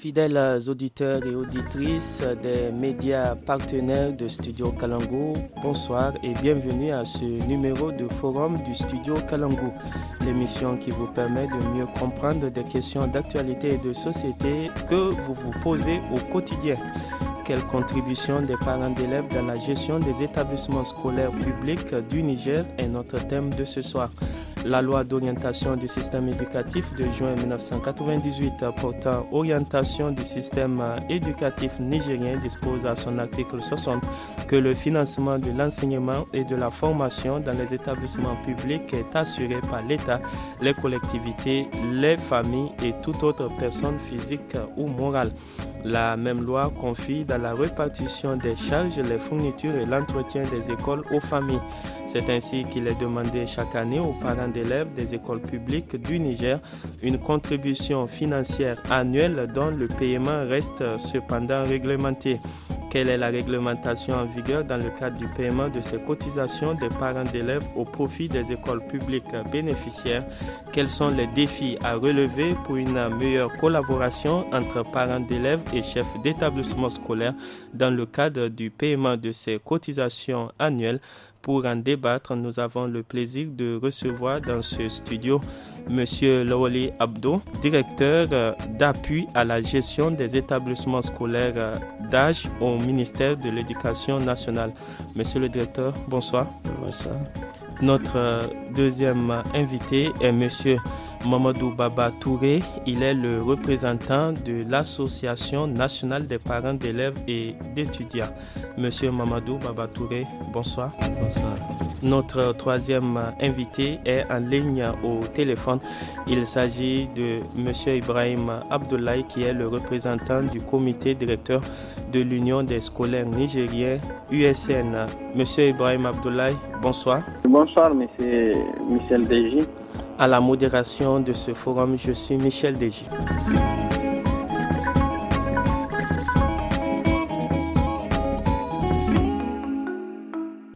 Fidèles auditeurs et auditrices des médias partenaires de Studio Kalango, bonsoir et bienvenue à ce numéro de forum du Studio Kalango, l'émission qui vous permet de mieux comprendre des questions d'actualité et de société que vous vous posez au quotidien. Quelle contribution des parents d'élèves dans la gestion des établissements scolaires publics du Niger est notre thème de ce soir. La loi d'orientation du système éducatif de juin 1998 portant orientation du système éducatif nigérien dispose à son article 60 que le financement de l'enseignement et de la formation dans les établissements publics est assuré par l'État, les collectivités, les familles et toute autre personne physique ou morale. La même loi confie dans la répartition des charges les fournitures et l'entretien des écoles aux familles. C'est ainsi qu'il est demandé chaque année aux parents d'élèves des écoles publiques du Niger, une contribution financière annuelle dont le paiement reste cependant réglementé. Quelle est la réglementation en vigueur dans le cadre du paiement de ces cotisations des parents d'élèves au profit des écoles publiques bénéficiaires Quels sont les défis à relever pour une meilleure collaboration entre parents d'élèves et chefs d'établissement scolaire dans le cadre du paiement de ces cotisations annuelles pour en débattre, nous avons le plaisir de recevoir dans ce studio M. Lawali Abdo, directeur d'appui à la gestion des établissements scolaires au ministère de l'Éducation nationale. Monsieur le directeur, bonsoir. Bonsoir. Notre euh, deuxième invité est monsieur Mamadou Baba Touré, il est le représentant de l'Association nationale des parents d'élèves et d'étudiants. Monsieur Mamadou Baba Touré, bonsoir. Bonsoir. Notre troisième invité est en ligne au téléphone. Il s'agit de Monsieur Ibrahim Abdoulaye qui est le représentant du comité directeur de l'Union des scolaires nigériens USN. Monsieur Ibrahim Abdoulaye, bonsoir. Bonsoir, monsieur Michel Deji à la modération de ce forum. Je suis Michel Dégis.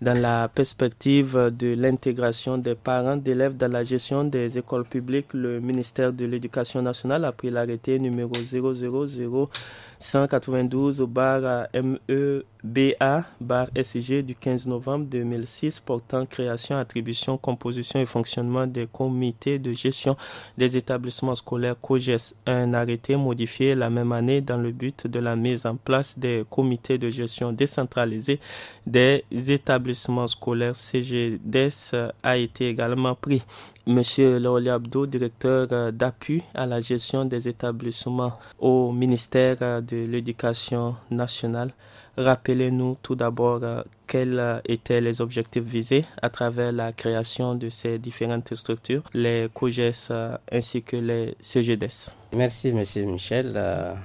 dans la perspective de l'intégration des parents d'élèves dans la gestion des écoles publiques, le ministère de l'Éducation nationale a pris l'arrêté numéro 000192 au bar ME BA bar SG du 15 novembre 2006 portant création, attribution, composition et fonctionnement des comités de gestion des établissements scolaires COGES. Un arrêté modifié la même année dans le but de la mise en place des comités de gestion décentralisés des établissements scolaires CGDES a été également pris. Monsieur Laoli Abdo, directeur euh, d'appui à la gestion des établissements au ministère euh, de l'Éducation nationale, Rappelez-nous tout d'abord euh, quels euh, étaient les objectifs visés à travers la création de ces différentes structures, les COGES euh, ainsi que les CGDES. Merci, Monsieur Michel.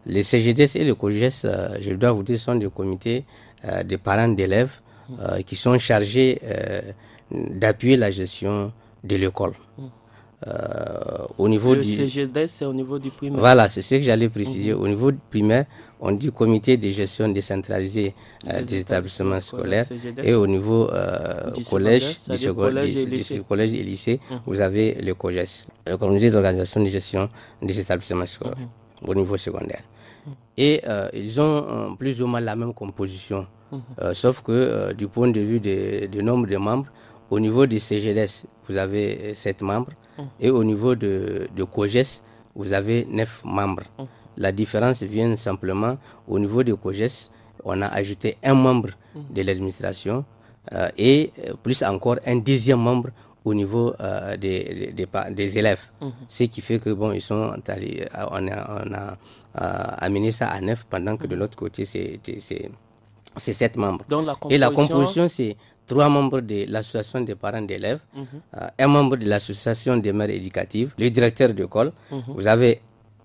Les CGDES et les COGES, je dois vous dire, sont des comités de parents d'élèves qui sont chargés d'appuyer la gestion de l'école. Mm. Euh, au niveau du... CGD, c'est au niveau du primaire. Voilà, c'est ce que j'allais préciser. Mhm. Au niveau du primaire, on dit comité de gestion décentralisée euh, des établissements scolaires. et au niveau euh, du collège, et lycée, mhm. vous avez le COGES, le comité d'organisation de gestion des établissements scolaires, mhm. au niveau secondaire. Et ils ont plus ou moins la même composition, sauf que du point de vue du nombre de membres, au niveau du CGDS, vous avez sept membres. Et au niveau de, de COGES, vous avez neuf membres. La différence vient simplement au niveau de COGES, on a ajouté un membre de l'administration euh, et plus encore un deuxième membre au niveau euh, des, des, des, élèves. Ce qui fait que, bon, ils sont euh, on a, amené ça à neuf pendant que de l'autre côté, c'est sept membres. Et la composition, c'est trois membres de l'association des parents d'élèves, euh, un membre de l'association des mères éducatives, le directeur d'école. Mhm. Vous avez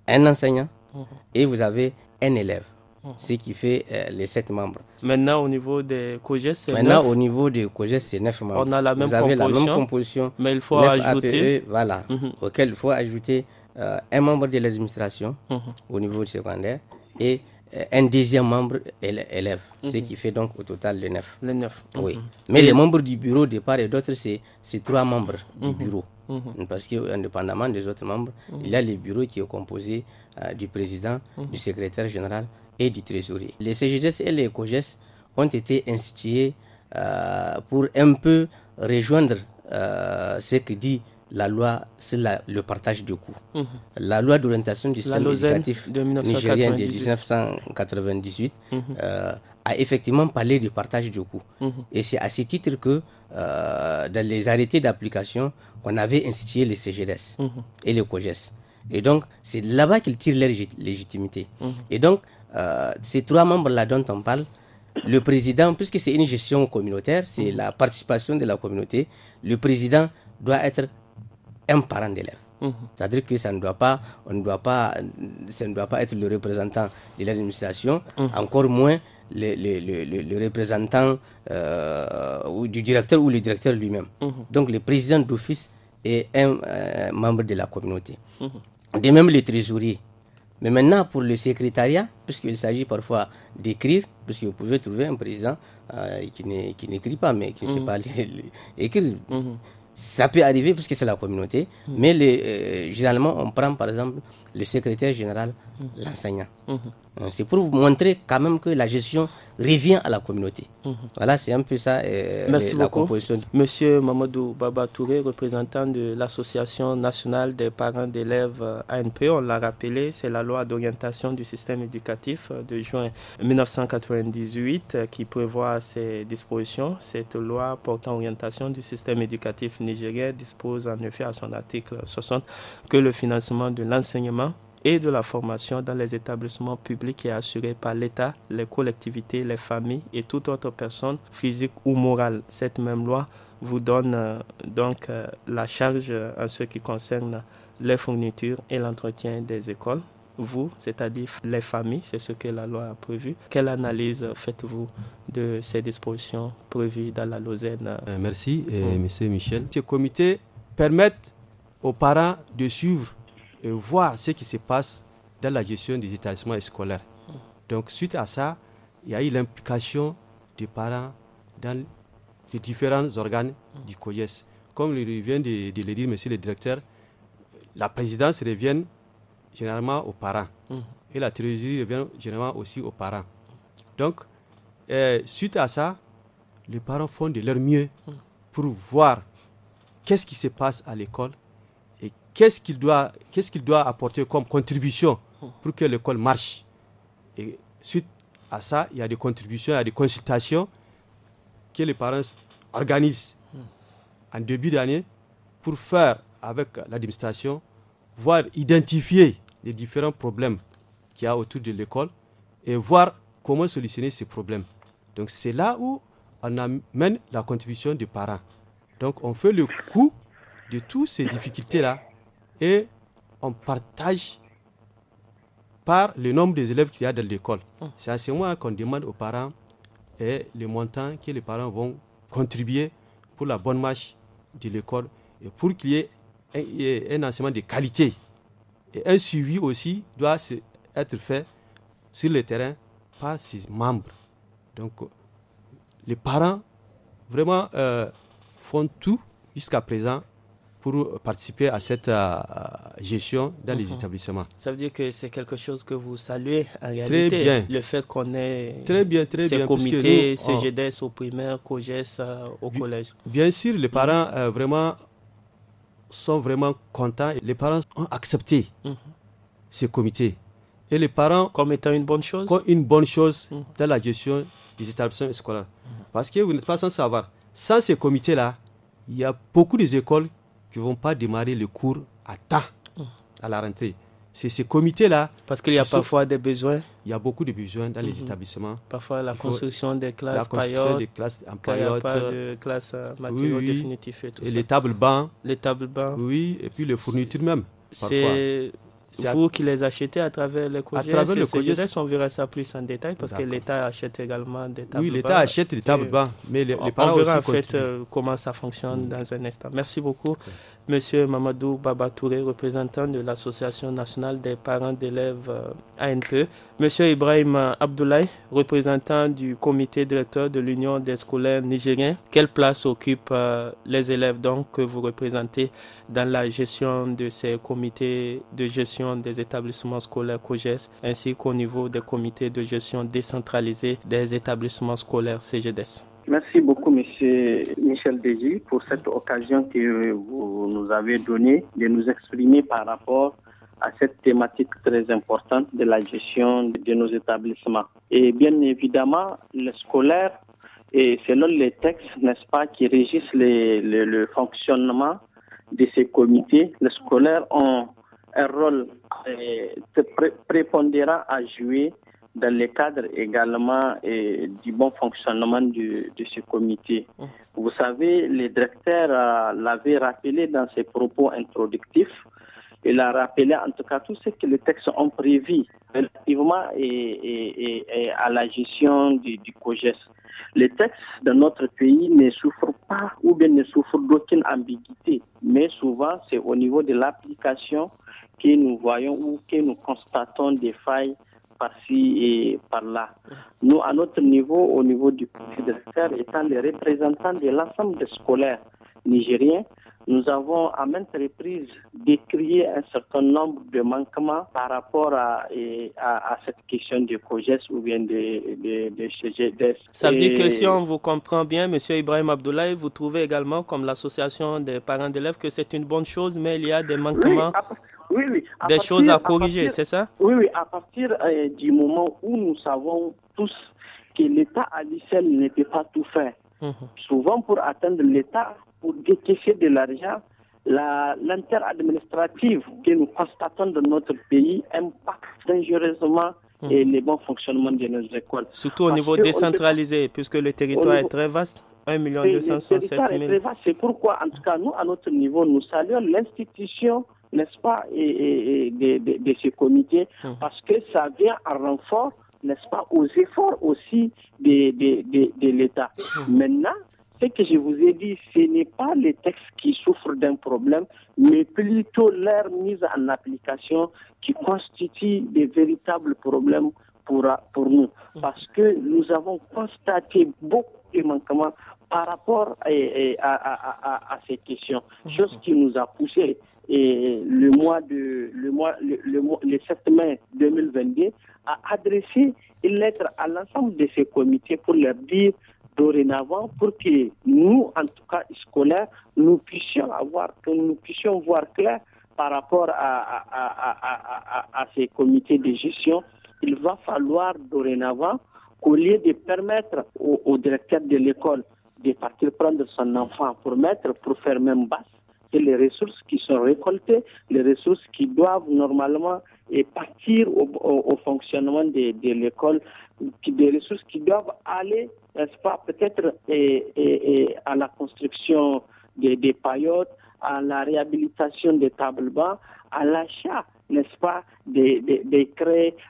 un enseignant mhm. et vous avez un élève mhm. ce qui fait euh, les sept membres. Maintenant, au niveau des COGES, c'est Maintenant, au niveau des c'est neuf membres. On a la même, Vous avez composition, la même composition. Mais il faut e, ajouter. voilà, auquel il faut ajouter euh, un membre de l'administration au niveau secondaire et euh, un deuxième membre élève, mhm. ce qui fait donc au total le neuf. Le neuf. Oui. Mhm. Mais les membres du bureau de part et d'autre, c'est trois membres du mhm. bureau. Parce que indépendamment des autres membres, il y a le bureau qui est composé euh, du président, du secrétaire général et du trésorier. Les CGDS et les COGES ont été institués euh, pour un peu rejoindre ce que dit la loi sur le partage du coût. Mhm. La loi d'orientation du système éducatif nigérien de 1998 mhm. euh, a effectivement parlé du partage du coût. Mhm. Et c'est à ce titre que, euh, dans les arrêtés d'application, on avait institué les CGDS et les COGES. Et donc, c'est là-bas qu'ils tirent leur légitimité. Et donc, euh, ces trois membres-là dont on parle, le président, puisque c'est une gestion communautaire, c'est la participation de la communauté, le président doit être un parent d'élève. Mhm. C'est-à-dire que ça ne doit pas, on ne doit pas, ça ne doit pas être le représentant de l'administration, mhm. encore moins le, représentant euh, du directeur ou le directeur lui-même. Mhm. Donc le président d'office est un euh, membre de la communauté. De même le trésorier. Mais maintenant, pour le secrétariat, puisqu'il s'agit parfois d'écrire, puisque vous pouvez trouver un président euh, qui n'écrit pas, mais qui ne sait pas écrire. Ça peut arriver parce que c'est la communauté, mm. mais euh, généralement on prend par exemple le secrétaire général, mm. l'enseignant. Mm-hmm. Euh, c'est pour vous montrer quand même que la gestion revient à la communauté. Mhm. Voilà, c'est un peu ça euh, la composition. Monsieur Mamadou Baba Touré, représentant de l'Association nationale des parents d'élèves euh, ANP, on l'a rappelé, c'est la loi d'orientation du système éducatif de juin 1998 qui prévoit ces dispositions. Cette loi portant orientation du système éducatif nigérien dispose en effet à son article 60 que le financement de l'enseignement et de la formation dans les établissements publics et assurée par l'État, les collectivités, les familles et toute autre personne physique ou morale. Cette même loi vous donne euh, donc euh, la charge euh, en ce qui concerne les fournitures et l'entretien des écoles. Vous, c'est-à-dire les familles, c'est ce que la loi a prévu. Quelle analyse faites-vous de ces dispositions prévues dans la Lausanne Merci, et mm. Monsieur Michel. Ces comités permettent aux parents de suivre voir ce qui se passe dans la gestion des établissements scolaires. Donc, suite à ça, il y a eu l'implication des parents dans les différents organes du COGES. Comme il vient de, le dire, monsieur le directeur, la présidence revient généralement aux parents et la théologie revient généralement aussi aux parents. Donc, euh, suite à ça, les parents font de leur mieux pour voir qu'est-ce qui se passe à l'école, qu'est-ce qu'il doit, qu'est-ce qu'il doit apporter comme contribution pour que l'école marche. Et suite à ça, il y a des contributions, il y a des consultations que les parents organisent en début d'année pour faire avec l'administration, voir identifier les différents problèmes qu'il y a autour de l'école et voir comment solutionner ces problèmes. Donc c'est là où on amène la contribution des parents. Donc on fait le coup de toutes ces difficultés-là et on partage par le nombre des élèves qu'il y a dans l'école. Hum. C'est à ce moment qu'on demande aux parents et le montant que les parents vont contribuer pour la bonne marche de l'école et pour qu'il y ait un, enseignement de qualité. Et un suivi aussi doit être fait sur le terrain par ses membres. Donc, les parents vraiment euh, font tout jusqu'à présent pour participer à cette euh, gestion dans les mhm. établissements. Ça veut dire que c'est quelque chose que vous saluez en réalité. Le fait qu'on ait ces comités, ces GDS au primaire, COGES euh, au collège. Bien sûr, les mhm. parents euh, vraiment sont vraiment contents. Les parents ont accepté mhm. ces comités. Et les parents... Comme étant une bonne chose Comme une bonne chose dans la gestion des établissements scolaires. Parce que vous n'êtes pas sans savoir, sans ces comités-là, il y a beaucoup d'écoles qui ne vont pas démarrer le cours à temps, à la rentrée. C'est ces comités-là. Parce qu'il y a parfois des besoins. Il y a beaucoup de besoins dans les mhm. établissements. Parfois la construction des classes La construction des classes en pas de classes euh, matériaux et tout et les tables bancs. Les tables bancs. Oui, et puis les fournitures même. C'est vous qui les achetez à travers le COGES. À travers le on verra ça plus en détail parce que l'État achète également des tables Oui, l'État achète des tables bas, mais les, on, les on verra en fait euh, comment ça fonctionne mm. dans un instant. Merci beaucoup. Monsieur Mamadou Babatouré, représentant de l'Association nationale des parents d'élèves euh, (ANPE). Monsieur Ibrahim Abdoulaye, représentant du comité directeur de l'Union des scolaires nigériens. Quelle place occupent euh, les élèves donc que vous représentez dans la gestion de ces comités de gestion des établissements scolaires COGES ainsi qu'au niveau des comités de gestion décentralisés des établissements scolaires CGDES? Merci beaucoup, Monsieur Michel Déji, pour cette occasion que vous nous avez donnée de nous exprimer par rapport à cette thématique très importante de la gestion de nos établissements. Et bien évidemment, les scolaires, et selon les textes, n'est-ce pas, qui régissent le fonctionnement de ces comités, les scolaires ont un rôle euh, prépondérant à jouer dans le cadre également euh, du bon fonctionnement de ce comité. Mmh. Vous savez, le directeur euh, l'avait rappelé dans ses propos introductifs. Il a rappelé en tout cas tout ce que les textes ont prévu relativement et, à la gestion du, du COGES. Les textes de notre pays ne souffrent pas ou bien ne souffrent d'aucune ambiguïté, mais souvent c'est au niveau de l'application que nous voyons ou que nous constatons des failles par-ci et par-là. Nous, à notre niveau, au niveau du Conseil des étant les représentants de l'ensemble des scolaires nigériens, nous avons à maintes reprises décrié un certain nombre de manquements par rapport à, à, cette question du projet ou bien des de, de, de Ça veut dire que si on vous comprend bien, M. Ibrahim Abdoulaye, vous trouvez également, comme l'association des parents d'élèves, que c'est une bonne chose, mais il y a des manquements des choses à corriger, c'est ça Oui, oui, à partir euh, du moment où nous savons tous que l'État à lui seul ne pas tout faire. Mhm. Souvent, pour atteindre l'État, pour décaisser de l'argent, l'interadministrative administratif que nous constatons dans notre pays impacte dangereusement mhm. le et les bons fonctionnements de nos écoles. Surtout au niveau décentralisé, puisque le territoire est très vaste. 1 267 C'est pourquoi, en tout cas, nous, à notre niveau, nous saluons l'institution n'est-ce pas, et, de, de, ce comité, hum. parce que ça vient à renfort, n'est-ce pas, aux efforts aussi de, de l'État. Hum. Maintenant, ce que je vous ai dit, ce n'est pas les textes qui souffrent d'un problème, mais plutôt leur mise en application qui constitue des véritables problèmes pour, pour nous. Hum. Parce que nous avons constaté beaucoup de manquements par rapport eh, eh, à, à, à, ces questions, chose qui nous a poussés, et le mois de le mois le, le, le 7 mai 2022 a adressé une lettre à l'ensemble de ces comités pour leur dire dorénavant pour que nous en tout cas scolaires nous puissions avoir que nous puissions voir clair par rapport à, à, à, à, à ces comités de gestion il va falloir dorénavant au lieu de permettre au, directeur de l'école de partir prendre son enfant pour mettre pour faire même basse les ressources qui sont récoltées, les ressources qui doivent normalement et partir au, fonctionnement de, l'école, des ressources qui doivent aller, n'est-ce pas, peut-être et, à la construction des, des paillotes, à la réhabilitation des tables bas, à l'achat, n'est-ce pas, des, des,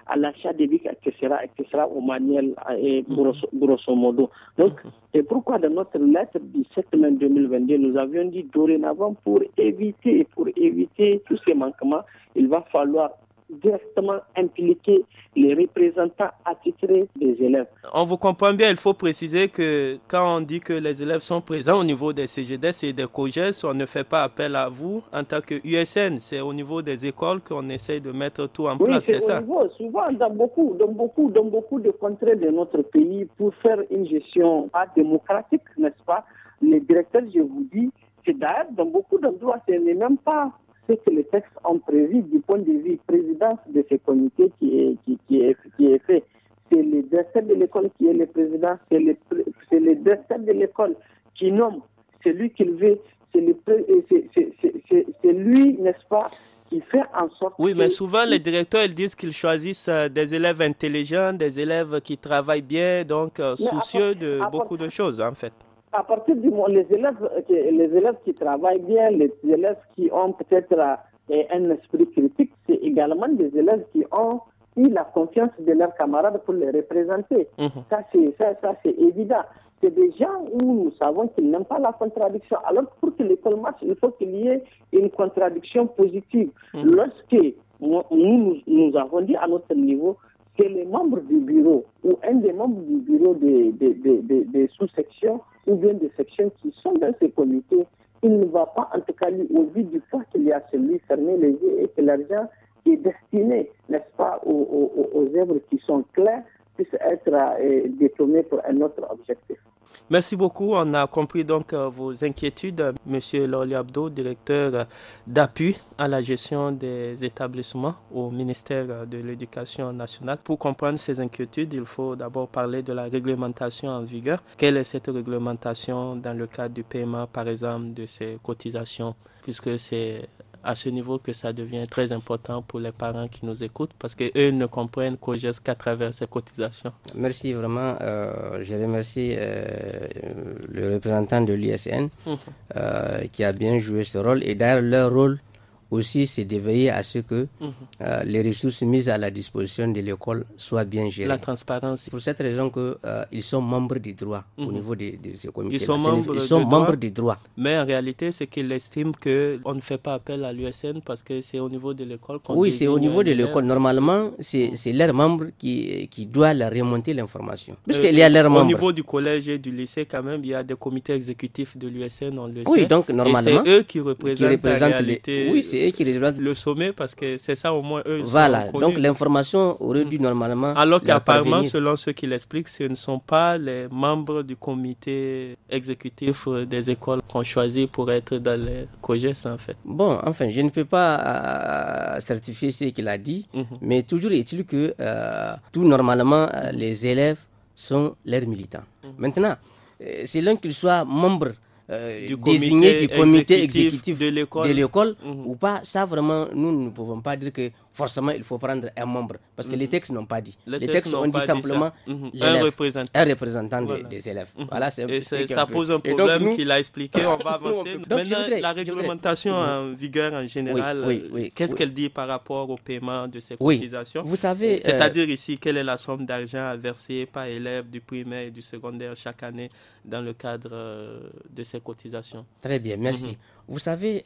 à l'achat des bics, etc., etc., au manuel, euh, et mhm. grosso, modo. Donc, mhm. c'est pourquoi dans notre lettre du 7 mai 2022, nous avions dit dorénavant, pour éviter, pour éviter tous ces manquements, il va falloir directement impliquer les représentants attitrés des élèves. On vous comprend bien, il faut préciser que quand on dit que les élèves sont présents au niveau des CGD, et des COGES, on ne fait pas appel à vous en tant que USN, c'est au niveau des écoles qu'on essaye de mettre tout en place, c'est ça niveau, Souvent, dans beaucoup, dans, beaucoup, dans beaucoup de contrées de notre pays, pour faire une gestion pas démocratique, n'est-ce pas, les directeurs, je vous dis, c'est d'ailleurs dans beaucoup d'endroits, ce n'est même pas c'est que les textes ont prévu du point de vue présidence de ce comité qui est, qui, est, qui est fait. C'est le directeur de l'école qui est le président, c'est le, le de l'école qui nomme celui qu'il veut, euh, c'est lui, n'est-ce pas, qui fait en sorte Oui, mais souvent les directeurs, ils disent qu'ils choisissent euh, des élèves intelligents, des élèves qui travaillent bien, donc euh, soucieux de beaucoup de choses, en fait à partir du moment, les élèves, les élèves qui travaillent bien, les élèves qui ont peut-être euh, un esprit critique, c'est également des élèves qui ont eu la confiance de leurs camarades pour les représenter. Mhm. Ça, c'est, ça, c'est évident. C'est des gens où nous savons qu'ils n'aiment pas la contradiction. Alors, pour que l'école marche, il faut qu'il y ait une contradiction positive. Mhm. Lorsque nous, nous, avons dit à notre niveau que les membres du bureau ou un des membres du bureau des, des, des sous-sections ou bien des sections qui sont dans ces comités, il ne va pas, en tout cas, au vu du fait qu'il y a celui fermer les yeux et que l'argent est destiné, n'est-ce pas, aux, aux, œuvres qui sont claires, puisse être euh, détourné pour un autre objectif. Merci beaucoup. On a compris donc euh, vos inquiétudes, Monsieur Loli Abdo, directeur d'appui à la gestion des établissements au ministère de l'Éducation nationale. Pour comprendre ces inquiétudes, il faut d'abord parler de la réglementation en vigueur. Quelle est cette réglementation dans le cadre du paiement, par exemple, de ces cotisations, puisque c'est à ce niveau que ça devient très important pour les parents qui nous écoutent parce qu'eux ne comprennent qu'au geste qu'à travers ces cotisations. Merci vraiment. Euh, je remercie euh, le représentant de l'ISN mhm. euh, qui a bien joué ce rôle et d'ailleurs leur rôle aussi, c'est de veiller à ce que mhm. euh, les ressources mises à la disposition de l'école soient bien gérées. La transparence. Pour cette raison qu'ils euh, ils sont membres du droit au mhm. niveau de, ce comité. Ils sont, membres, ils sont du membres droit, du droit. Mais en réalité, c'est qu'ils estiment qu'on ne fait pas appel à l'USN parce que c'est au niveau de l'école qu'on Oui, c'est au niveau de l'école. Normalement, c'est mhm. leur membre qui, qui doit leur remonter l'information. Euh, Puisqu'il y a leur membre. Au niveau du collège et du lycée, quand même, il y a des comités exécutifs de l'USN, le oui, donc normalement. c'est eux qui représentent, la réalité. Oui, c'est le sommet, parce que c'est ça au moins eux. Voilà, donc l'information aurait dû mm. normalement. Alors qu'apparemment, selon ceux qu'il l'expliquent, ce ne sont pas les membres du comité exécutif des écoles qu'on choisit pour être dans les COGES, en fait. Bon, enfin, je ne peux pas euh, euh, certifier ce qu'il a dit, mhm. mais toujours est-il que euh, tout normalement, les élèves sont leurs militants. Mhm. Maintenant, selon qu'ils soient membres euh, du désigné du comité exécutif, de l'école mhm. ou pas, ça vraiment, nous ne pouvons pas dire que forcément, il faut prendre un membre. Parce que les mhm. textes n'ont pas dit. Les, textes, ont dit simplement mhm. un représentant, des, élèves. Mhm. voilà, et ça pose un problème qu'il a expliqué. on va avancer. Maintenant, la réglementation en vigueur en général, euh, qu'est-ce qu'elle dit par rapport au paiement de ces cotisations Vous savez. Euh, C'est-à-dire ici, quelle est la somme d'argent à verser par élève du primaire et du secondaire chaque année dans le cadre euh, de ces cotisations Très bien, merci. Vous savez.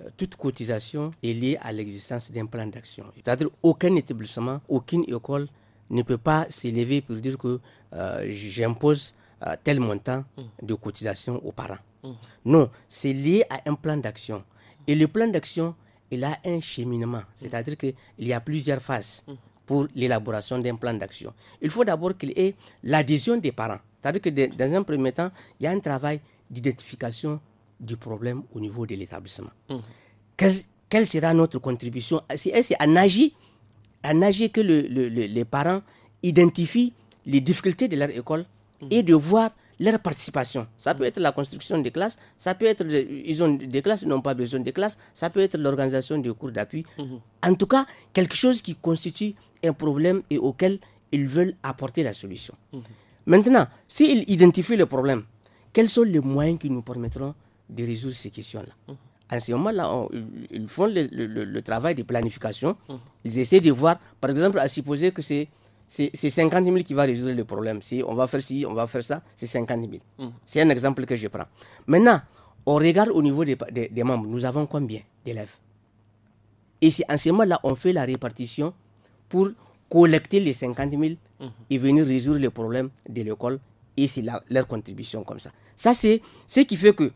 Euh, toute cotisation est liée à l'existence d'un plan d'action. C'est-à-dire aucun établissement, aucune école ne peut pas s'élever pour dire que euh, j'impose euh, tel montant mmh. de cotisation aux parents. Mmh. Non, c'est lié à un plan d'action. Et le plan d'action, il a un cheminement, mmh. c'est-à-dire qu'il y a plusieurs phases pour l'élaboration d'un plan d'action. Il faut d'abord qu'il y ait l'adhésion des parents. C'est-à-dire que dans un premier temps, il y a un travail d'identification du problème au niveau de l'établissement. Mmh. Quelle, sera notre contribution C'est à en agit, que les parents identifient les difficultés de leur école mmh. et de voir leur participation. Ça peut être la construction des classes, ça peut être, ils ont des classes, ils n'ont pas besoin de classes, ça peut être l'organisation des cours d'appui. Mmh. En tout cas, quelque chose qui constitue un problème et auquel ils veulent apporter la solution. Maintenant, s'ils identifient le problème, quels sont les moyens qui nous permettront de résoudre ces questions-là. Mmh. En ce moment-là, ils font le, travail de planification. Mmh. Ils essaient de voir, par exemple, à supposer que c'est c'est 50 000 qui va résoudre le problème. Si on va faire ci, on va faire ça, c'est 50 000. Mmh. C'est un exemple que je prends. Maintenant, on regarde au niveau des, des, membres. Nous avons combien d'élèves Et c'est en ce moment-là, on fait la répartition pour collecter les 50 000 et venir résoudre le problème de l'école. Et c'est leur contribution comme ça. Ça, c'est ce qui fait que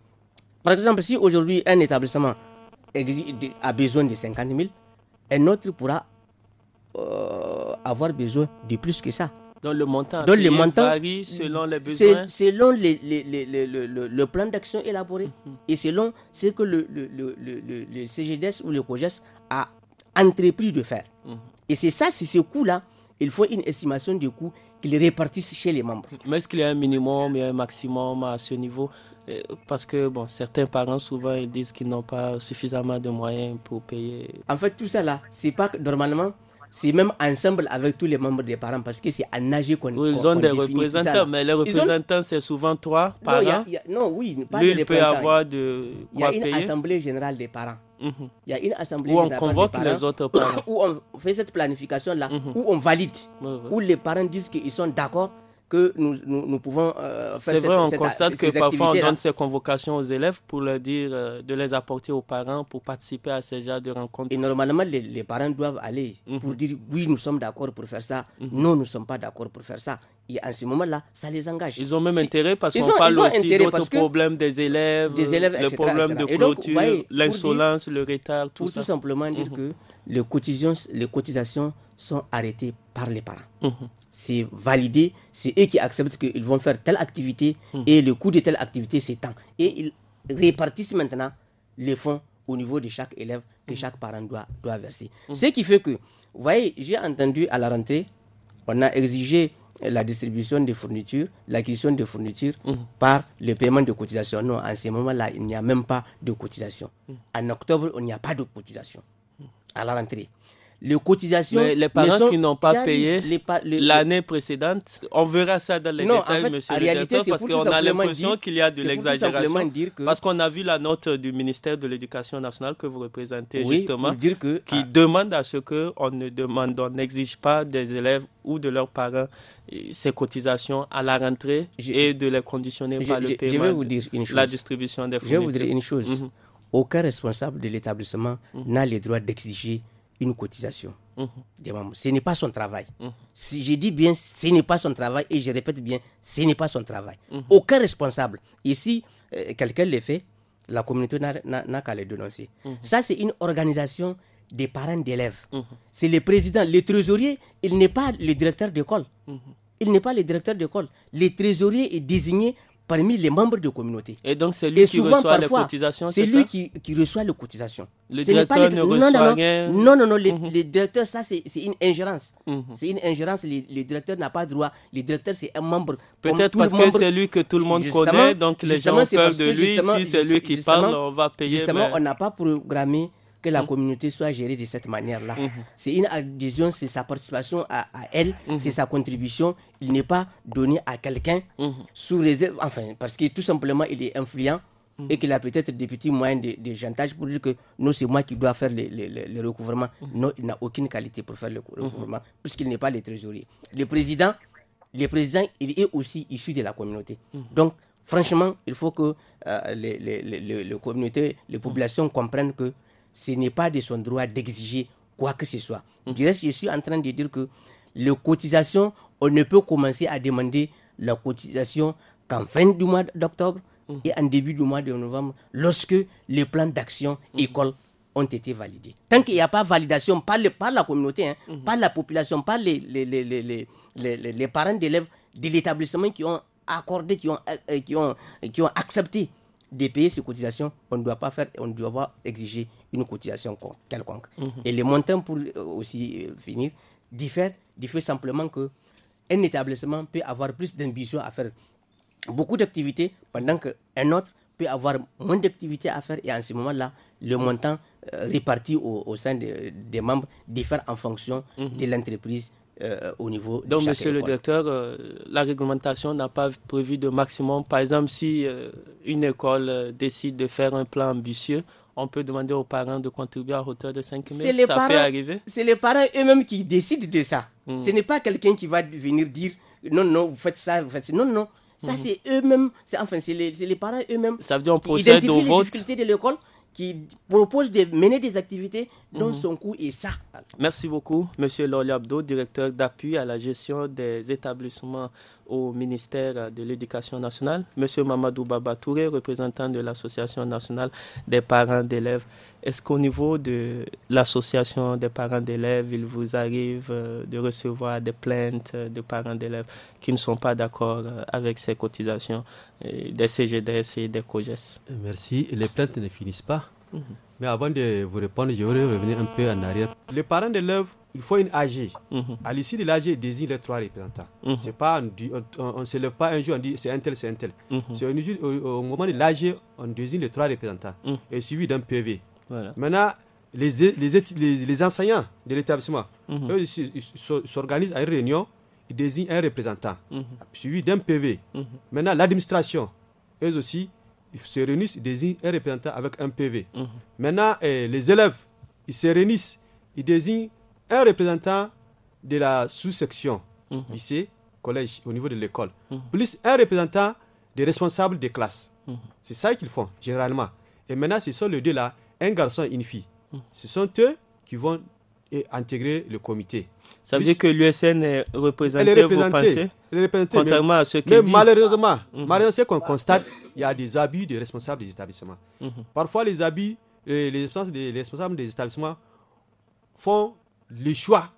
par exemple, si aujourd'hui un établissement a besoin de 50 000, un autre pourra euh, avoir besoin de plus que ça. Dans le montant, Dans le montant selon les besoins. Selon le plan d'action élaboré mhm. et selon ce que le, CGDS ou le COGES a entrepris de faire. Mhm. Et c'est ça, c'est ce coût-là. Il faut une estimation du coût qu'ils répartissent chez les membres. Mais est-ce qu'il y a un minimum et un maximum à ce niveau euh, Parce que bon, certains parents souvent ils disent qu'ils n'ont pas suffisamment de moyens pour payer. En fait, tout ça là, c'est pas normalement c'est même ensemble avec tous les membres des parents parce que c'est à nager qu'on oui, Ils ont des représentants, mais les représentants, c'est souvent trois parents. Non, oui, pas Lui, il peut avoir de. Il y a une assemblée générale des parents il y a une assemblée où on convoque les autres parents, où on fait cette planification là, mhm. où on valide, où les parents disent qu'ils sont d'accord que nous, nous, faire pouvons euh, faire C'est vrai, on constate que parfois on donne ces convocations aux élèves pour leur dire euh, de les apporter aux parents pour participer à ces genres de rencontres. Et normalement, les, les parents doivent aller mhm. pour dire oui, nous sommes d'accord pour faire ça, mhm. non, nous ne sommes pas d'accord pour faire ça. Et en ce moment-là, ça les engage. Ils ont même intérêt parce qu'on parle aussi d'autres problèmes des élèves, des élèves le problème de clôture, l'insolence, le retard, tout pour tout simplement dire mhm. que les cotisations, les cotisations sont arrêtées par les parents. Mhm. C'est validé, c'est eux qui acceptent qu'ils vont faire telle activité mhm. et le coût de telle activité, c'est tant. Et ils répartissent maintenant les fonds au niveau de chaque élève que chaque parent doit, doit verser. Ce qui fait que, vous voyez, j'ai entendu à la rentrée, on a exigé la distribution des fournitures, l'acquisition des fournitures mmh. par le paiement de cotisation. Non, en ce moment-là, il n'y a même pas de cotisation. Mmh. En octobre, il n'y a pas de cotisation à la rentrée les cotisations. les parents qui n'ont pas payé l'année précédente, on verra ça dans les détails, monsieur le réalité, directeur, parce qu'on a l'impression qu'il y a de l'exagération. Parce qu'on a vu la note du ministère de l'Éducation nationale que vous représentez justement, qui demande à ce qu'on ne demande, on n'exige pas des élèves ou de leurs parents euh, ces cotisations à la rentrée et de les conditionner je, par le paiement. Je vais vous dire une chose. La distribution des fournitures. Je vais vous dire une chose. Aucun responsable de l'établissement mhm. n'a le droit d'exiger une cotisation. Mhm. ce n'est pas son travail. Mhm. Si je dis bien, ce n'est pas son travail, et je répète bien, ce n'est pas son travail. Mhm. Aucun responsable. Ici, euh, quelqu'un le fait, la communauté n'a qu'à le dénoncer. Ça, c'est une organisation des parents d'élèves. C'est le président, le trésorier, il n'est pas le directeur d'école. Il n'est pas le directeur d'école. Le trésorier est désigné parmi les membres de communauté. Et donc c'est lui, qui reçoit les cotisations C'est lui qui, reçoit les cotisations. Le directeur ne reçoit non, rien. Non, non, non, le, mhm. directeur, ça c'est une ingérence. Mhm. C'est une ingérence, le, directeur n'a pas droit. Le directeur c'est un membre. Peut-être parce que c'est lui que tout le monde connaît, donc les gens ont de lui. Si c'est lui qui parle, on va payer. Justement, on n'a pas programmé que la mm-hmm. communauté soit gérée de cette manière-là. Mm-hmm. C'est une adhésion, c'est sa participation à, elle, mm-hmm. c'est sa contribution. Il n'est pas donné à quelqu'un sous réserve, enfin, parce que tout simplement, il est influent et qu'il a peut-être des petits moyens de, de, chantage pour dire que non, c'est moi qui dois faire le, recouvrement. Non, il n'a aucune qualité pour faire le recouvrement, puisqu'il n'est pas le trésorier. Le président, le président, il est aussi issu de la communauté. Donc, franchement, il faut que euh, les, les, communautés, les populations comprennent que ce n'est pas de son droit d'exiger quoi que ce soit. je suis en train de dire que les cotisations, on ne peut commencer à demander la cotisation qu'en fin du mois d'octobre et en début du mois de novembre, lorsque les plans d'action école ont été validés. Tant qu'il n'y a pas validation par, la communauté, hein, par la population, par les, parents d'élèves de l'établissement qui ont accordé, qui ont euh, accepté de payer ces cotisations, on ne doit pas faire, on doit pas exiger une cotisation quelconque. Mhm. Et les montants pour euh, aussi euh, finir diffèrent simplement que un établissement peut avoir plus d'ambition à faire beaucoup d'activités pendant qu'un autre peut avoir moins d'activités à faire et en ce moment-là, le mhm. montant euh, réparti au, sein des membres diffère en fonction mhm. de l'entreprise, euh, au niveau. Donc, monsieur le directeur, euh, la réglementation n'a pas prévu de maximum. Par exemple, si euh, une école décide de faire un plan ambitieux, on peut demander aux parents de contribuer à hauteur de 5 000. ça arriver. C'est les parents eux-mêmes qui décident de ça. Hmm. Ce n'est pas quelqu'un qui va venir dire non, non, vous faites ça, vous faites ça. Non, non. Ça, hmm. c'est eux-mêmes, enfin, c'est les, les, parents eux-mêmes. Ça veut dire difficultés de l'école, qui propose de mener des activités est mhm. ça. Merci beaucoup, M. Loli Abdo, directeur d'appui à la gestion des établissements au ministère de l'Éducation nationale. M. Mamadou Baba Touré, représentant de l'Association nationale des parents d'élèves. Est-ce qu'au niveau de l'Association des parents d'élèves, il vous arrive euh, de recevoir des plaintes de parents d'élèves qui ne sont pas d'accord euh, avec ces cotisations euh, des CGDS et des COGES Merci. Les plaintes ne finissent pas Mm-hmm. Mais avant de vous répondre, je voudrais revenir un peu en arrière. Les parents d'élèves, il faut une AG. Mm-hmm. À l'issue de l'AG, ils désignent les trois représentants. Mm-hmm. C'est pas, on ne se lève pas un jour, on dit c'est un tel, c'est un tel. C'est au, moment de l'AG, on désigne les trois représentants, et suivi d'un PV. Maintenant, les, les, les, enseignants de l'établissement, eux, ils s'organisent à une réunion, ils désignent un représentant, suivi d'un PV. Maintenant, l'administration, eux aussi, se réunissent, ils désignent un représentant avec un PV. Mhm. Maintenant, eh, les élèves, ils se réunissent, ils désignent un représentant de la sous-section, mhm. lycée, collège, au niveau de l'école, mhm. plus un représentant des responsables des classes. C'est ça qu'ils font, généralement. Et maintenant, ce sont les deux-là, un garçon et une fille. Ce sont eux qui vont intégrer le comité. Ça veut dire que l'USN est représentée, vos pensées Elle est représentée, contrairement mais, à ce Mais malheureusement, mhm. c'est qu'on constate, il y a des abus des responsables des établissements. Mhm. Parfois, les abus, euh, les, responsables des établissements font le choix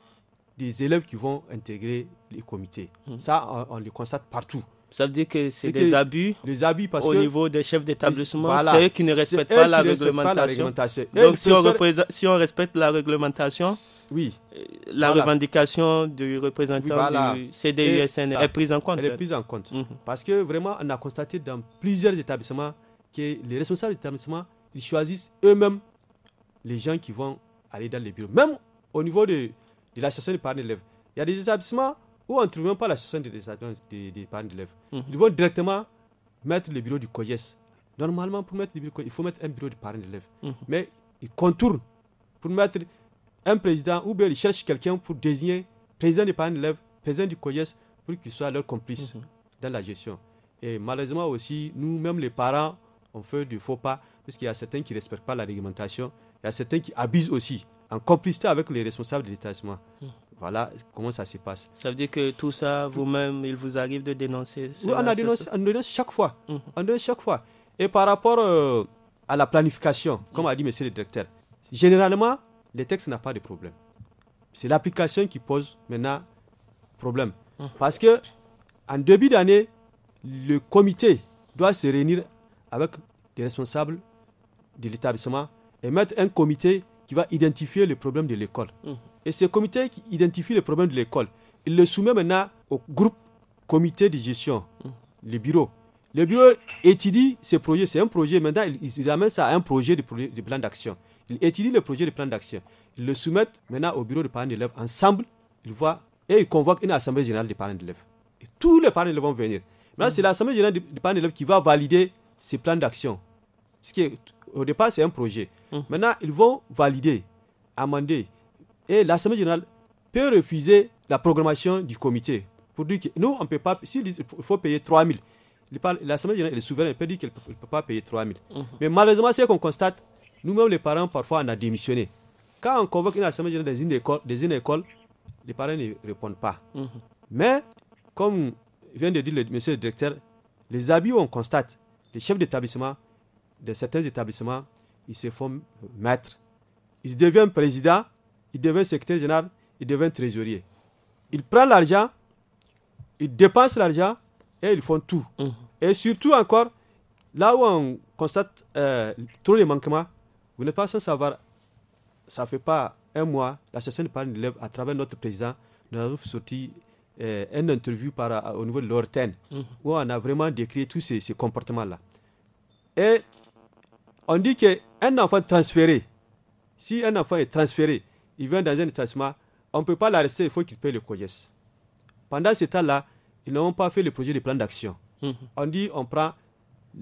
des élèves qui vont intégrer les comités. Mhm. Ça, on, le constate partout. Ça veut dire que c'est des abus, au niveau des chefs d'établissement. C'est eux qui ne respectent, pas, la réglementation. Donc si, on respecte la réglementation, oui. Euh, la revendication du représentant du CDUSN est ah, prise en compte. Elle est prise en compte. Mhm. Parce que vraiment, on a constaté dans plusieurs établissements que les responsables d'établissement, ils choisissent eux-mêmes les gens qui vont aller dans les bureaux. Même au niveau de, de l'association des parents d'élèves. Il y a des établissements ou en ne trouve pas la des, des, parents d'élèves. Ils vont directement mettre le bureau du COGES. Normalement, pour mettre le bureau, il faut mettre un bureau des parents d'élèves. Mhm. Mais ils contournent pour mettre un président ou bien ils cherchent quelqu'un pour désigner président des parents d'élèves, président du COGES, pour qu'il soit leur complice mhm. dans la gestion. Et malheureusement aussi, nous, même les parents, on fait du faux pas, parce qu'il y a certains qui ne respectent pas la réglementation, il y a certains qui abusent aussi, en complicité avec les responsables de l'établissement. Mhm. Voilà comment ça se passe. Ça veut dire que tout ça, vous-même, il vous arrive de dénoncer Oui, on, a dénoncé, on dénonce chaque fois. Mhm. dénonce chaque fois. Et par rapport euh, à la planification, comme a dit monsieur le directeur, généralement, les textes n'a pas de problème. C'est l'application qui pose maintenant problème. Mhm. Parce que en début d'année, le comité doit se réunir avec des responsables de l'établissement et mettre un comité qui va identifier les problèmes de l'école. Mhm. Et c'est le comité qui identifie les problèmes de l'école. Il le soumet maintenant au groupe comité de gestion, mm. le bureau. Le bureau étudie ce projet, c'est un projet, maintenant il, amènent ça à un projet de, plan d'action. Il étudie le projet de plan d'action. Ils le soumettent maintenant au bureau de parents d'élèves. Ensemble, ils voient et ils convoquent une assemblée générale des parents d'élèves. Et tous les parents d'élèves vont venir. Maintenant, c'est mm. l'assemblée générale des, parents d'élèves qui va valider ces plans d'action. Ce qui au départ, c'est un projet. Mm. Maintenant, ils vont valider, amender, et l'Assemblée générale peut refuser la programmation du comité. Pour dire que nous, on peut pas, s'il si faut payer 3 000, l'Assemblée générale est souveraine, elle peut dire qu'elle ne peut pas payer 3 000. Mhm. Mais malheureusement, ce qu'on constate, nous-mêmes les parents, parfois, on a démissionné. Quand on convoque une Assemblée générale des une école, les parents ne répondent pas. Mhm. Mais, comme vient de dire le monsieur le directeur, les habits on constate, les chefs d'établissement, de certains établissements, ils se font maîtres. Ils deviennent présidents il devient secrétaire général, il devient trésorier. Il prend l'argent, il dépense l'argent et ils font tout. Mmh. Et surtout encore, là où on constate euh, trop les manquements, vous n'êtes pas sans savoir, ça fait pas un mois, l'association de parle à travers notre président, nous avons sorti euh, une interview par, euh, au niveau de l'ORTEN, mmh. où on a vraiment décrit tous ces, ces comportements-là. Et on dit qu'un enfant transféré, si un enfant est transféré, il vient dans un établissement, on ne peut pas l'arrêter, il faut qu'il paye le COGES. Pendant ce temps-là, ils n'ont pas fait le projet de plan d'action. Mhm. On dit, on prend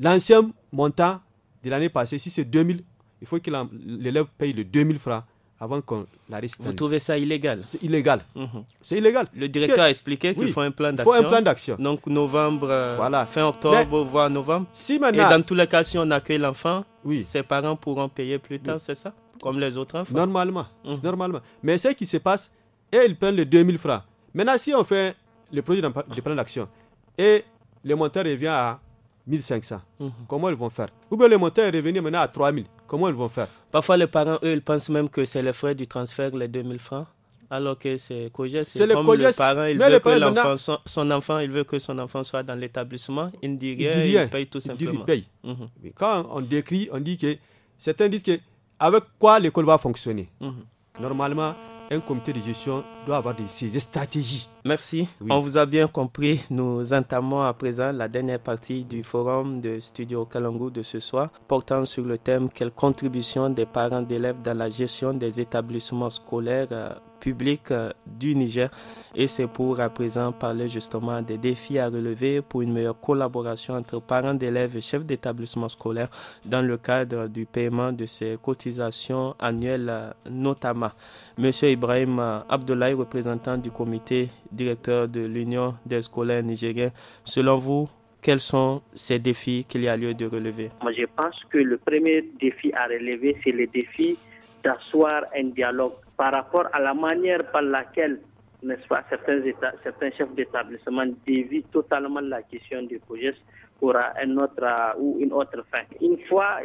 l'ancien montant de l'année passée, si c'est 2000, il faut que l'élève paye le 2000 francs avant qu'on l'arrête. Vous trouvez ça illégal C'est illégal. Mhm. C'est illégal. Le directeur a expliqué qu'il faut un plan d'action. Il faut un plan d'action. Donc novembre, euh, fin octobre, voire novembre. Si Et dans tous les cas, si on accueille l'enfant, ses parents pourront payer plus tard, c'est ça comme les autres enfants. Normalement. Mhm. Normalement. Mais ce qui se passe, et ils prennent les 2000 francs. Maintenant, si on fait le projet de plan d'action et le montant revient à 1500, mhm. comment ils vont faire Ou bien le montant est revenu maintenant à 3000, comment ils vont faire Parfois, les parents, eux, ils pensent même que c'est les frais du transfert, les 2000 francs. Alors que c'est c'est comme le parent, il veut que enfant, son, enfant, il veut que son enfant soit dans l'établissement, il ne dit rien, il, paye tout simplement. Mhm. Quand on décrit, on dit que certains disent que avec quoi l'école va fonctionner. Mhm. Normalement, un comité de gestion doit avoir des, stratégies. Merci. On vous a bien compris. Nous entamons à présent la dernière partie du forum de Studio Kalangu de ce soir, portant sur le thème Quelle contribution des parents d'élèves dans la gestion des établissements scolaires euh, public euh, du Niger. Et c'est pour à présent parler justement des défis à relever pour une meilleure collaboration entre parents d'élèves et chefs d'établissement scolaire dans le cadre du paiement de ces cotisations annuelles euh, notamment. Monsieur Ibrahim euh, Abdoulaye, représentant du comité directeur de l'Union des scolaires nigériens, selon vous, quels sont ces défis qu'il y a lieu de relever Moi, je pense que le premier défi à relever, c'est le défi d'asseoir un dialogue par rapport à la manière par laquelle, n'est-ce pas, certains, certains chefs d'établissement dévient totalement la question du projet pour un autre euh, ou une autre fin. Une fois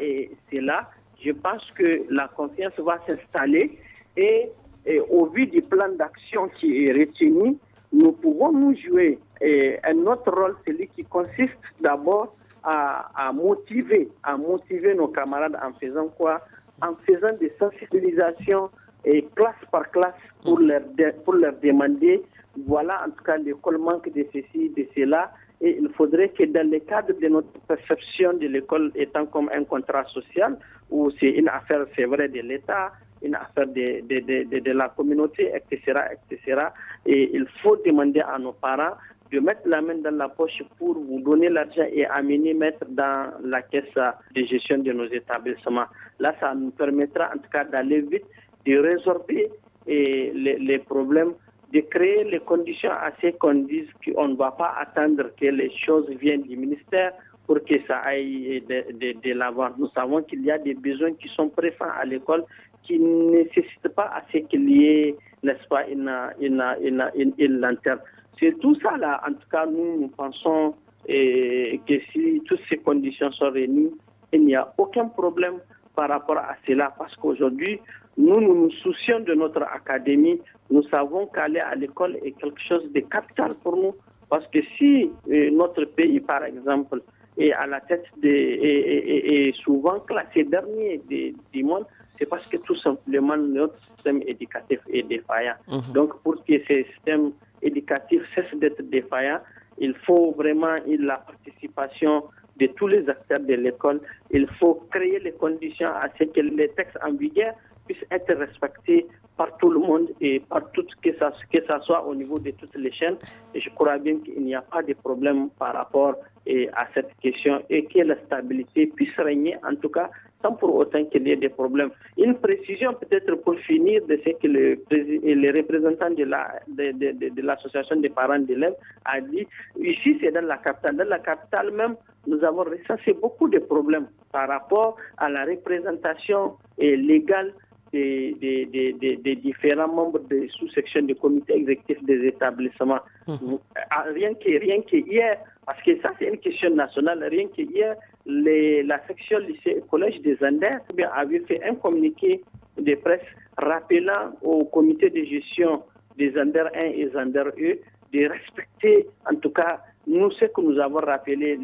cela, je pense que la confiance va s'installer et, au vu du plan d'action qui est retenu, nous pouvons nous jouer un autre rôle, celui qui consiste d'abord à, à, motiver, à motiver nos camarades en faisant quoi En faisant des sensibilisations et classe par classe pour mm. leur, pour leur demander, voilà en tout cas l'école manque de ceci, de cela, et il faudrait que dans le cadre de notre perception de l'école étant comme un contrat social, où c'est une affaire, c'est vrai, de l'État, une affaire de, de, de, la communauté, etc., etc. Et il faut demander à nos parents de mettre la main dans la poche pour vous donner l'argent et amener mettre dans la caisse de gestion de nos établissements. Là, ça nous permettra en tout cas d'aller vite de résorber les, problèmes, de créer les conditions à ce qu'on dise qu'on ne va pas attendre que les choses viennent du ministère pour que ça aille de, l'avant. Nous savons qu'il y a des besoins qui sont présents à l'école qui ne nécessitent pas à ce qu'il y ait, n'est-ce pas, une, une, une, une lanterne. C'est tout ça là, en tout cas, nous, nous pensons que si toutes ces conditions sont réunies, il n'y a aucun problème par rapport à cela, parce qu'aujourd'hui, nous, nous nous soucions de notre académie. Nous savons qu'aller à l'école est quelque chose de capital pour nous. Parce que si euh, notre pays, par exemple, est à la tête des, et, souvent classé dernier des, du monde, c'est parce que tout simplement notre système éducatif est défaillant. Mhm. Donc pour que ce système éducatif cesse d'être défaillant, il faut vraiment la participation de tous les acteurs de l'école. Il faut créer les conditions à ce que les textes en vigueur puisse être respectée par tout le monde et par tout, que ça, que ça soit au niveau de toutes les chaînes. Et je crois bien qu'il n'y a pas de problème par rapport et eh, à cette question et que la stabilité puisse régner, en tout cas, sans pour autant qu'il y ait des problèmes. Une précision peut-être pour finir de ce que le, les représentants de, la, de, de, l'association des parents d'élèves a dit. Ici, c'est dans la capitale. Dans la capitale même, nous avons recensé beaucoup de problèmes par rapport à la représentation eh, légale des, des, différents membres des sous-sections du comité exécutif des établissements. Hum. Ah, rien que rien que hier, parce que ça c'est une question nationale, rien que hier, la section lycée et collège des Andes eh avait fait un communiqué de presse rappelant au comité de gestion des Anders 1 et Anders 2 de respecter en tout cas nous, ce que nous avons rappelé,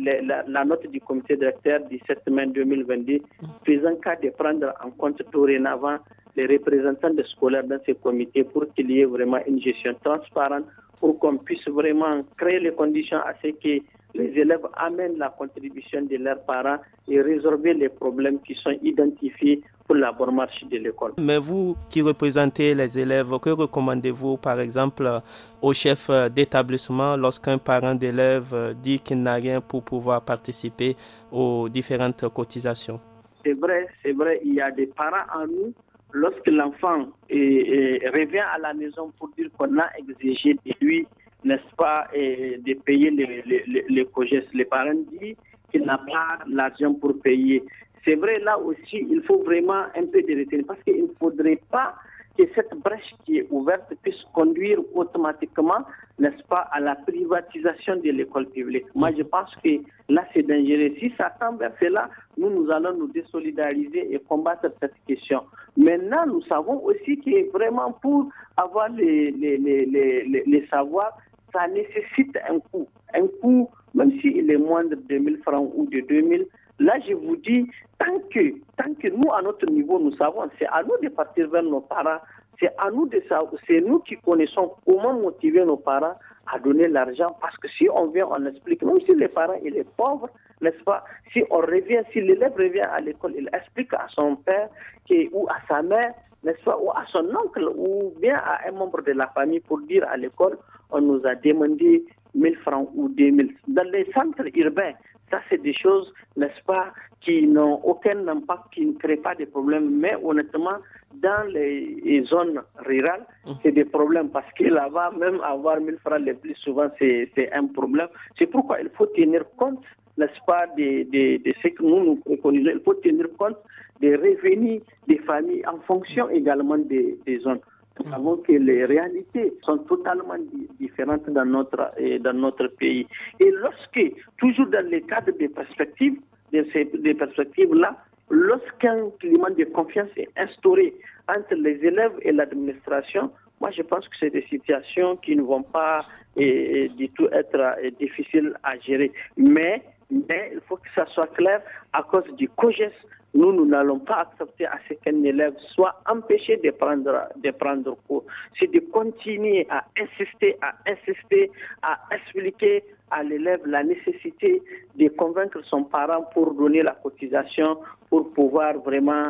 la, note du comité directeur du 7 mai 2022, faisant cas de prendre en compte dorénavant les représentants des scolaires dans ces comités pour qu'il y ait vraiment une gestion transparente pour qu'on puisse vraiment créer les conditions à ce que les élèves amènent la contribution de leurs parents et résorber les problèmes qui sont identifiés pour la bonne marche de l'école. Mais vous qui représentez les élèves, que recommandez-vous par exemple au chef d'établissement lorsqu'un parent d'élève dit qu'il n'a rien pour pouvoir participer aux différentes cotisations C'est vrai, c'est vrai, il y a des parents en nous lorsque l'enfant revient à la maison pour dire qu'on a exigé de lui, n'est-ce pas, de payer les, les, les, les les parents disent qu'il n'a pas l'argent pour payer. C'est vrai, là aussi, il faut vraiment un peu de retenue parce qu'il ne faudrait pas que cette brèche qui est ouverte puisse conduire automatiquement, n'est-ce pas, à la privatisation de l'école publique. Moi, je pense que là, c'est dangereux. Si ça tend vers cela, nous, nous allons nous désolidariser et combattre cette question. Maintenant, nous savons aussi que vraiment pour avoir les, les, les, les, savoirs, ça nécessite un coût. Un coût, même s'il est moindre de 1000 francs ou de 2000, Là, je vous dis, tant que, tant que nous, à notre niveau, nous savons, c'est à nous de partir vers nos parents, c'est à nous de savoir, c'est nous qui connaissons comment motiver nos parents à donner l'argent. Parce que si on vient, on explique, même si les parents, ils est pauvres, n'est-ce pas Si on revient, si l'élève revient à l'école, il explique à son père ou à sa mère, n'est-ce pas, ou à son oncle, ou bien à un membre de la famille pour dire à l'école, on nous a demandé 1000 francs ou 2000. Dans les centres urbains, ça, c'est des choses, n'est-ce pas, qui n'ont aucun impact, qui ne créent pas de problèmes. Mais honnêtement, dans les, zones rurales, mmh. c'est des problèmes parce que là-bas, même avoir 1000 francs les plus souvent, c'est un problème. C'est pourquoi il faut tenir compte, n'est-ce pas, de, ce que nous, nous préconisons. Il faut tenir compte des revenus des familles en fonction également des zones. Nous savons que les réalités sont totalement différentes dans notre, dans notre pays. Et lorsque, toujours dans le cadre des perspectives, des perspectives-là, lorsqu'un climat de confiance est instauré entre les élèves et l'administration, moi, je pense que c'est des situations qui ne vont pas et, du tout être euh, difficiles à gérer. Mais, mais il faut que ça soit clair à cause du COGES, nous, nous n'allons pas accepter à ce qu'un élève soit empêché de prendre, de prendre cours. C'est de continuer à insister, à insister, à expliquer à l'élève la nécessité de convaincre son parent pour donner la cotisation, pour pouvoir vraiment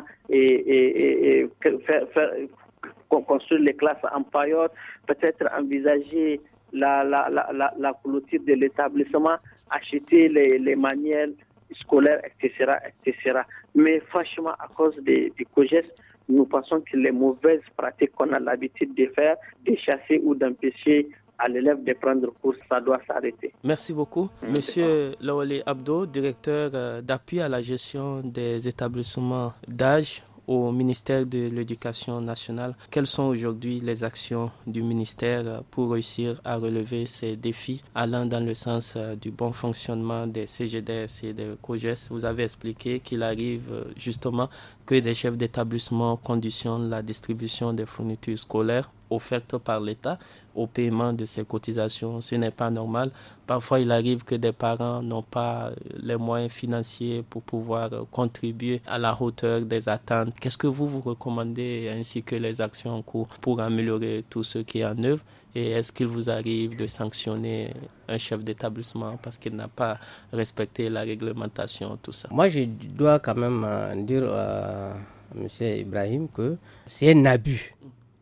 construire les classes en période, peut-être envisager la, la, clôture de l'établissement, acheter les manuels, scolaire etc., etc. Mais franchement, à cause des, des COGES, nous pensons que les mauvaises pratiques qu'on a l'habitude de faire, de chasser ou d'empêcher à l'élève de prendre cours, ça doit s'arrêter. Merci beaucoup. Monsieur Lawale Abdo, directeur euh, d'appui à la gestion des établissements d'âge au ministère de l'Éducation nationale. Quelles sont aujourd'hui les actions du ministère pour réussir à relever ces défis allant dans le sens euh, du bon fonctionnement des CGDS et des COGES Vous avez expliqué qu'il arrive euh, justement que des chefs d'établissement conditionnent la distribution des fournitures scolaires offertes par l'État au paiement de ces cotisations. Ce n'est pas normal. Parfois, il arrive que des parents n'ont pas euh, les moyens financiers pour pouvoir euh, contribuer à la hauteur des attentes. Qu'est-ce que vous vous recommandez ainsi que les actions en cours pour améliorer tout ce qui est en œuvre et est-ce qu'il vous arrive de sanctionner un chef d'établissement parce qu'il n'a pas respecté la réglementation, tout ça Moi, je dois quand même euh, dire à M. Ibrahim que c'est un abus.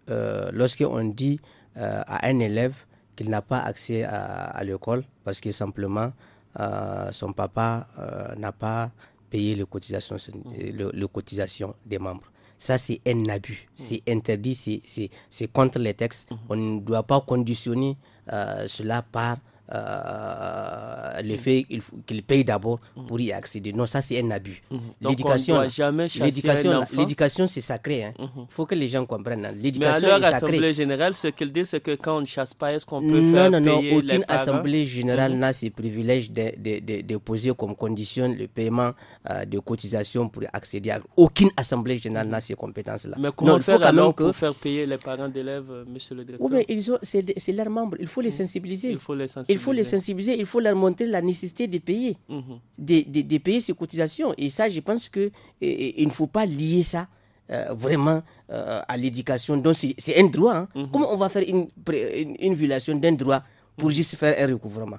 Lorsqu'on dit euh, à un élève qu'il n'a pas accès à, l'école parce que simplement euh, son papa euh, n'a pas payé les cotisations, le, des membres. Ça, c'est un abus, c'est interdit, c'est contre les textes. Mhm. On ne doit pas conditionner cela par euh, le fait qu'il paye d'abord mm. pour y accéder. Non, ça c'est un abus. Mm. L'éducation, l'éducation, c'est sacré. Hein. Mm-hmm. Il faut que les gens comprennent. L'éducation hein. Mais à l'Assemblée générale, ce qu'elle dit, c'est que quand on ne chasse pas, est-ce qu'on peut non, faire Non, non, non. Aucune assemblée générale mm-hmm. n'a ces privilèges de, de, de, poser comme condition le paiement euh, de cotisation pour accéder à. Aucune assemblée générale n'a ces compétences-là. Mais comment faire alors que... pour faire payer les parents d'élèves, euh, monsieur le directeur c'est, leurs membres. Il faut les mm. sensibiliser. Il faut les sensibiliser il faut les sensibiliser, il faut leur montrer la nécessité de payer, mhm. de, payer ces cotisations. Et ça, je pense qu'il ne faut pas lier ça euh, vraiment euh, à l'éducation. Donc, c'est un droit. Hein. Mhm. Comment on va faire une violation d'un droit pour juste faire un recouvrement.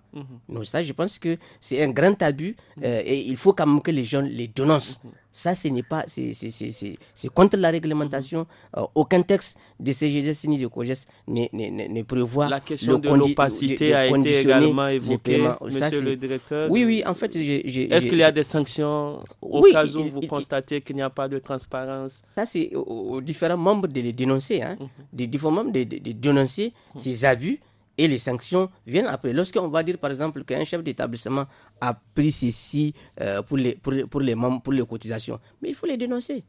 Donc mhm. ça, je pense que c'est un grand abus mhm. euh, et il faut quand même que les gens les dénoncent. Mhm. Ça, ce n'est pas, c'est contre la réglementation. Euh, aucun texte de CGDS ni de COGES ne, ne, ne, ne prévoit. La question de l'opacité a été également évoquée, monsieur le directeur. Oui, oui, en fait, Est-ce qu'il y a des sanctions au cas où vous constatez qu'il n'y a pas de transparence Ça, c'est aux, différents membres de les dénoncer, hein, des différents membres de dénoncer ces abus et les sanctions viennent après. Lorsqu'on va dire, par exemple, qu'un chef d'établissement a pris ceci euh, pour, les, pour, pour, les pour les cotisations, mais il faut les dénoncer.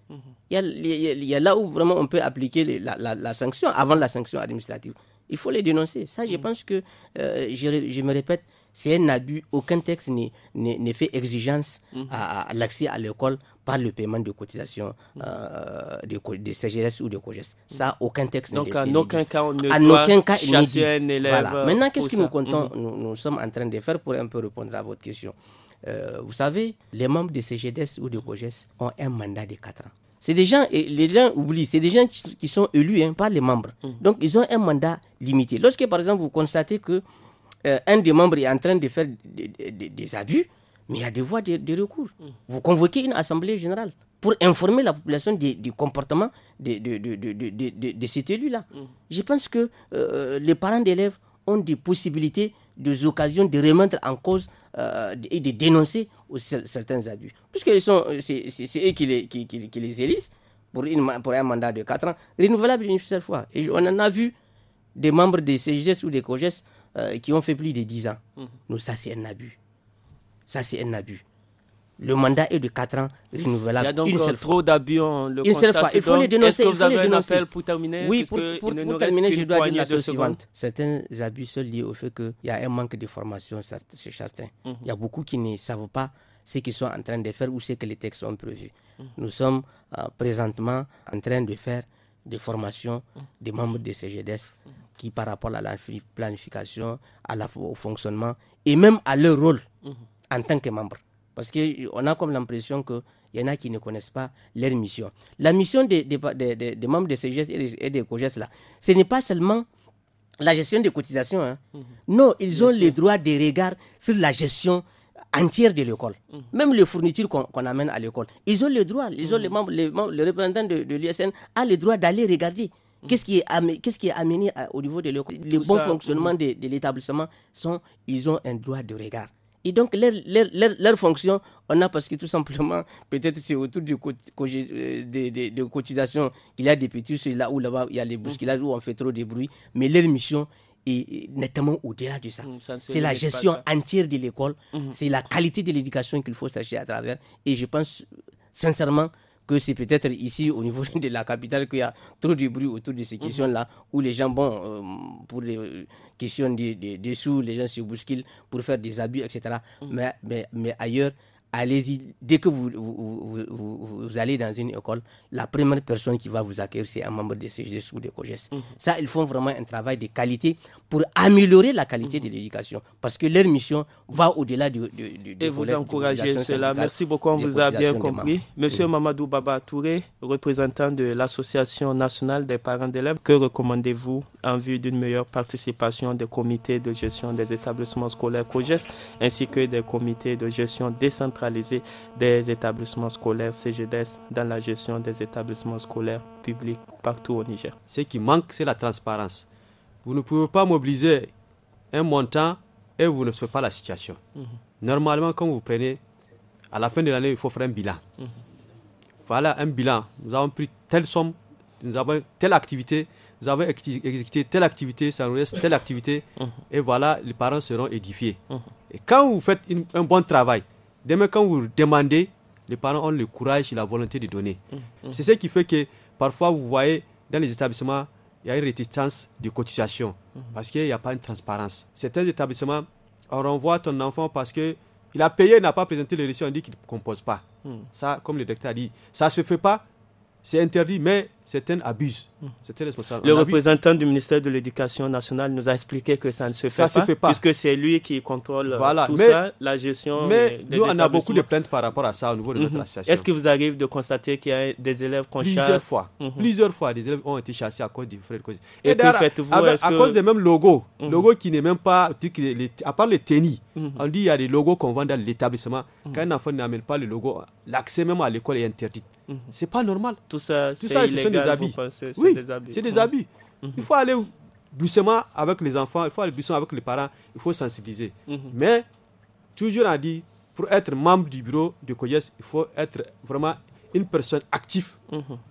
Il, y a, là où vraiment on peut appliquer la, sanction avant la sanction administrative. Il faut les dénoncer. Ça, je mm. pense que, euh, je, je me répète, c'est un abus. Aucun texte ne, fait exigence mhm. à, l'accès à l'école par le paiement de cotisation mhm. euh, de, de, CGS ou de COGES. Mhm. Ça, aucun texte Donc, en aucun cas, on ne doit aucun chasser un élève. Voilà. Euh, Maintenant, qu'est-ce que nous, comptons, nous, sommes en train de faire pour un peu répondre à votre question euh, Vous savez, les membres de CGDS ou de COGES ont un mandat de 4 ans. C'est des gens, et les gens oublient, c'est des gens qui, sont élus hein, par les membres. Donc, ils ont un mandat limité. Lorsque, par exemple, vous constatez que euh, un des membres est en train de faire des, abus, mais il y a des voies de, recours. Mm. Vous convoquez une assemblée générale pour informer la population du comportement de, cet élu-là. Mm. Je pense que euh, les parents d'élèves ont des possibilités, des occasions de remettre en cause euh, et de dénoncer certains abus. Puisque c'est eux qui les, élisent pour, un mandat de 4 ans, renouvelable une seule fois. Et on en a vu des membres des CGS ou des COGES euh, qui ont fait plus de 10 ans. Mhm. nous ça, c'est un abus. Ça, c'est un abus. Le mandat est de 4 ans, renouvelable. Il y a donc euh, trop d'abus, le une Il faut les dénoncer. Est-ce que vous avez un appel pour terminer Oui, pour, terminer, je dois dire la chose suivante. Certains abus sont liés au fait qu'il y a un manque de formation chez certains. Mhm. Il y a beaucoup qui ne savent pas ce qu'ils sont en train de faire ou ce que les textes ont prévu. Mhm. Nous sommes euh, présentement en train de faire de formation mm. des membres de CGDS mm. qui, par rapport à la planification, à la, au fonctionnement et même à leur rôle mm-hmm. en tant que membres. Parce qu'on euh, a comme l'impression qu'il y en a qui ne connaissent pas leur mission. La mission des, membres de CGS et des, COGES, là, ce n'est pas seulement la gestion des cotisations. Hein. Mm-hmm. Non, ils ont le droit de regard sur la gestion entière de l'école. Mmh. Même les fournitures qu'on amène à l'école. Ils ont le droit, ils ont les mmh. les, membres, représentants de, de l'USN a le droit d'aller regarder. Qu'est-ce mmh. qui, qu'est-ce qui est amené au niveau de l'école Les bons fonctionnements de, l'établissement sont, ils ont un droit de regard. Et donc, leur, leur, fonction, on a parce que tout simplement, peut-être c'est autour du co de, euh, de, cotisation qu'il y a des petits, là où là-bas, il y a les bousculages où on fait trop de bruit. Mais leur mission, et nettement au-delà de ça. Mm, c'est la gestion hein. entière de l'école, mm-hmm. c'est la qualité de l'éducation qu'il faut chercher à travers. Et je pense sincèrement que c'est peut-être ici au niveau de la capitale qu'il y a trop de bruit autour de ces mm-hmm. questions-là, où les gens, bon, euh, pour les euh, questions des de, sous, les gens se bousculent pour faire des abus, etc. Mm-hmm. Mais, mais, mais ailleurs, allez-y. Dès que vous, vous, allez dans une école, la première personne qui va vous accueillir, c'est un membre de CGS ou de COGES. Mhm. Ça, ils font vraiment un travail de qualité pour améliorer la qualité mhm. de l'éducation. Parce que leur mission va au-delà du, Et vous encouragez cela. Merci beaucoup, on vous a bien compris. Monsieur Mamadou Baba Touré, représentant de l'Association nationale des parents d'élèves, que recommandez-vous en vue d'une meilleure participation des comités de gestion des établissements scolaires COGES ainsi que des comités de gestion décentralisés des établissements scolaires CGDES dans la gestion des établissements scolaires publics partout au Niger. Ce qui manque, c'est la transparence. Vous ne pouvez pas mobiliser un montant et vous ne savez pas la situation. Mhm. Normalement, quand vous prenez, à la fin de l'année, il faut faire un bilan. Mhm. Voilà un bilan. Nous avons pris telle somme, nous avons telle activité, vous avez exécuté telle activité, ça nous reste telle activité, mm-hmm. et voilà, les parents seront édifiés. Mm-hmm. Et quand vous faites un bon travail, demain quand vous demandez, les parents ont le courage et la volonté de donner. Mm-hmm. C'est ce qui fait que parfois vous voyez dans les établissements, il y a une réticence de cotisation parce qu'il n'y a pas une transparence. Certains établissements, on renvoie ton enfant parce que il a payé, il n'a pas présenté le récit, on dit qu'il ne compose pas. Mm. Ça, comme le docteur a dit, ça ne se fait pas, c'est interdit, mais certains abusent. Mmh. C'était responsable. Le représentant du ministère de l'Éducation nationale nous a expliqué que ça ne se fait, ça pas, fait puisque c'est lui qui contrôle euh, tout ça, la gestion. Mais nous, on a beaucoup de plaintes par rapport à ça au niveau de notre mmh. association. Est-ce qu'il vous arrive de constater qu'il y a des élèves qu'on chasse Plusieurs fois. Mmh. Plusieurs fois, des élèves ont été chassés à cause différentes de Et, Et que faites-vous à, que... cause des mêmes logos, logos qui n'est même pas. à part les tennis, on dit qu'il y a des logos qu'on vend dans l'établissement. Quand un enfant n'amène pas le logo, l'accès même à l'école est interdit. C'est pas normal. Tout ça, c'est des habits. oui, c'est des hum. habits. Il faut aller doucement avec les enfants, il faut aller doucement avec les parents, il faut sensibiliser. Hum. Mais, toujours on dit, pour être membre du bureau de COGES, il faut être vraiment une personne active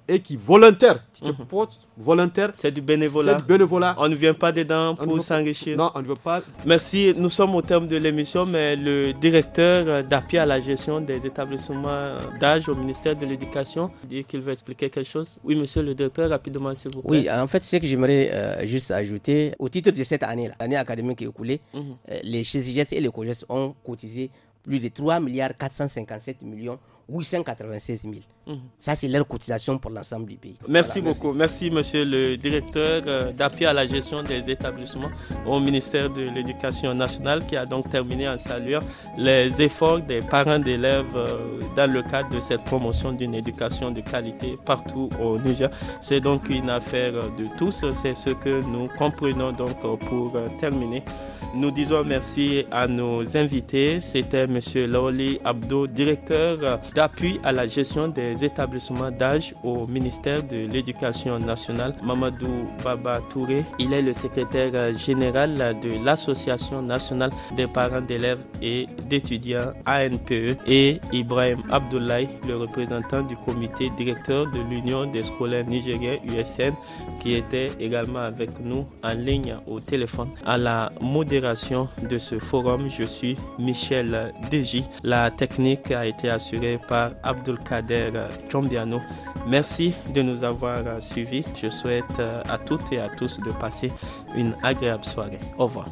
et qui volontaire, mhm. volontaire. C'est du bénévolat. C'est du bénévolat. On ne vient pas dedans pour s'enrichir. Non, on ne veut pas. Merci. Nous sommes au terme de l'émission, mais le directeur d'appui à la gestion des établissements d'âge au ministère de l'Éducation dit qu'il veut expliquer quelque chose. Oui, monsieur le directeur, rapidement, s'il vous plaît. Oui, en fait, ce que j'aimerais euh, juste ajouter, au titre de cette année, l'année académique écoulée, mhm. est euh, coulée, les IGES et les COGES ont cotisé plus de 3 milliards 457 millions 896 000. Mhm. Ça, c'est leur cotisation pour l'ensemble du pays. Merci beaucoup. Merci. merci. monsieur le directeur euh, d'appui à la gestion des établissements au ministère de l'Éducation nationale, qui a donc terminé en saluant les efforts des parents d'élèves euh, dans le cadre de cette promotion d'une éducation de qualité partout au Niger. C'est donc une affaire de tous. C'est ce que nous comprenons donc pour euh, terminer. Nous disons merci à nos invités. C'était M. Laoli Abdo, directeur d'appui à la gestion des établissements d'âge au ministère de l'Éducation nationale. Mamadou Baba Touré, il est le secrétaire général de l'Association nationale des parents d'élèves et d'étudiants ANPE et Ibrahim Abdoulaye, le représentant du comité directeur de l'Union des scolaires nigériens USN qui était également avec nous en ligne au téléphone à la modération de ce forum. Je suis Michel Deji. La technique a été assurée par Abdulkader Chombiano. Merci de nous avoir suivis. Je souhaite à toutes et à tous de passer une agréable soirée. Au revoir.